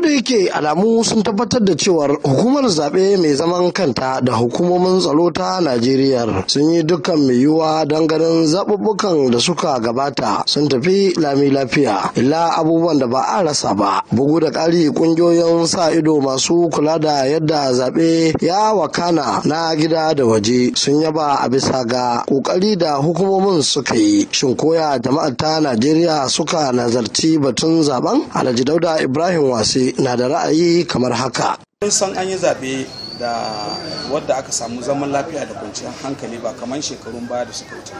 da yake alamu sun tabbatar da cewar hukumar zaɓe mai zaman kanta da hukumomin tsaro ta najeriya sun yi dukkan mai yiwuwa don ganin zaɓuɓɓukan da suka gabata sun tafi lami lafiya illa abubuwan da ba a rasa ba bugu da ƙari ƙungiyoyin sa ido masu kula da yadda zaɓe ya wakana na gida da waje sun yaba a bisa ga ƙoƙari da hukumomin suka yi shin koya jama'ar ta najeriya suka nazarci batun zaɓen alhaji dauda ibrahim wasi Salisu na da ra'ayi kamar haka. Mun san an yi zaɓe da wadda aka samu zaman lafiya da kwanciyar hankali ba kamar shekarun baya da suka wuce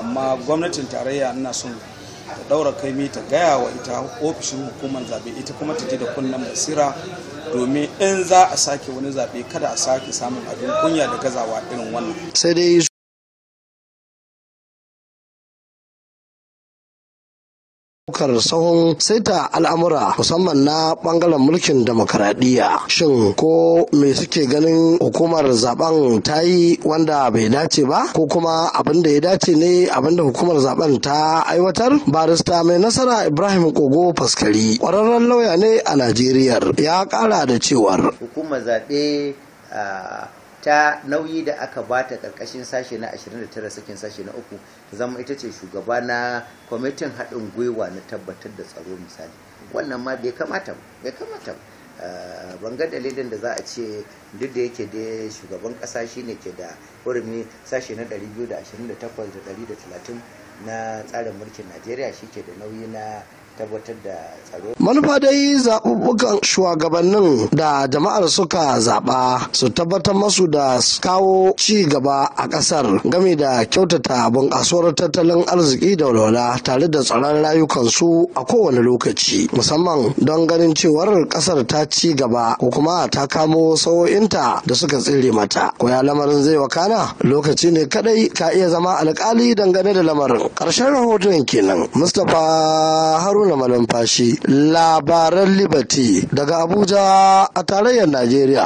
amma gwamnatin tarayya ina son ta daura kaimi ta gaya wa ita ofishin hukumar zaɓe ita kuma ta je da kunnen basira domin in za a sake wani zaɓe kada a sake samun abin kunya da gazawa irin wannan. sai dai ɗaukar sahun saita al'amura musamman na ɓangaren mulkin demokaradiyya shin ko me suke ganin hukumar zaben ta yi wanda bai dace ba ko kuma abin da ya dace ne abin da hukumar zaben ta aiwatar barista mai nasara ibrahim kogo faskari ƙwararren lauya ne a najeriya ya ƙara da cewar hukumar zaɓe ta nauyi da aka bata karkashin sashe na 29 sakin sashe na uku zama ita ce shugaba na kwamitin haɗin gwiwa na tabbatar da tsaro misali wannan ma bai kamata bai kamata ah, ban ga dalilin da za a ce duk da yake da shugaban ƙasa shi ne ke da hurumi sashe na 228 da 130 na tsarin mulkin najeriya shi ke da nauyi na tabbatar da tsaro. Manufa dai zaɓuɓɓukan shugabannin da jama'ar suka zaɓa su tabbatar masu da kawo ci gaba a ƙasar game da kyautata bunƙasuwar tattalin arziki da walwala tare da tsaron rayukansu a kowane lokaci musamman don ganin cewar ƙasar ta ci gaba ko kuma ta kamo sauyinta da suka tsire mata. Koya lamarin zai wakana lokaci ne kadai ka iya zama alƙali dangane da lamarin. Ƙarshen rahoton kenan. Mustapha Haruna haruna malumfashi labaran liberty daga abuja a tarayyar najeriya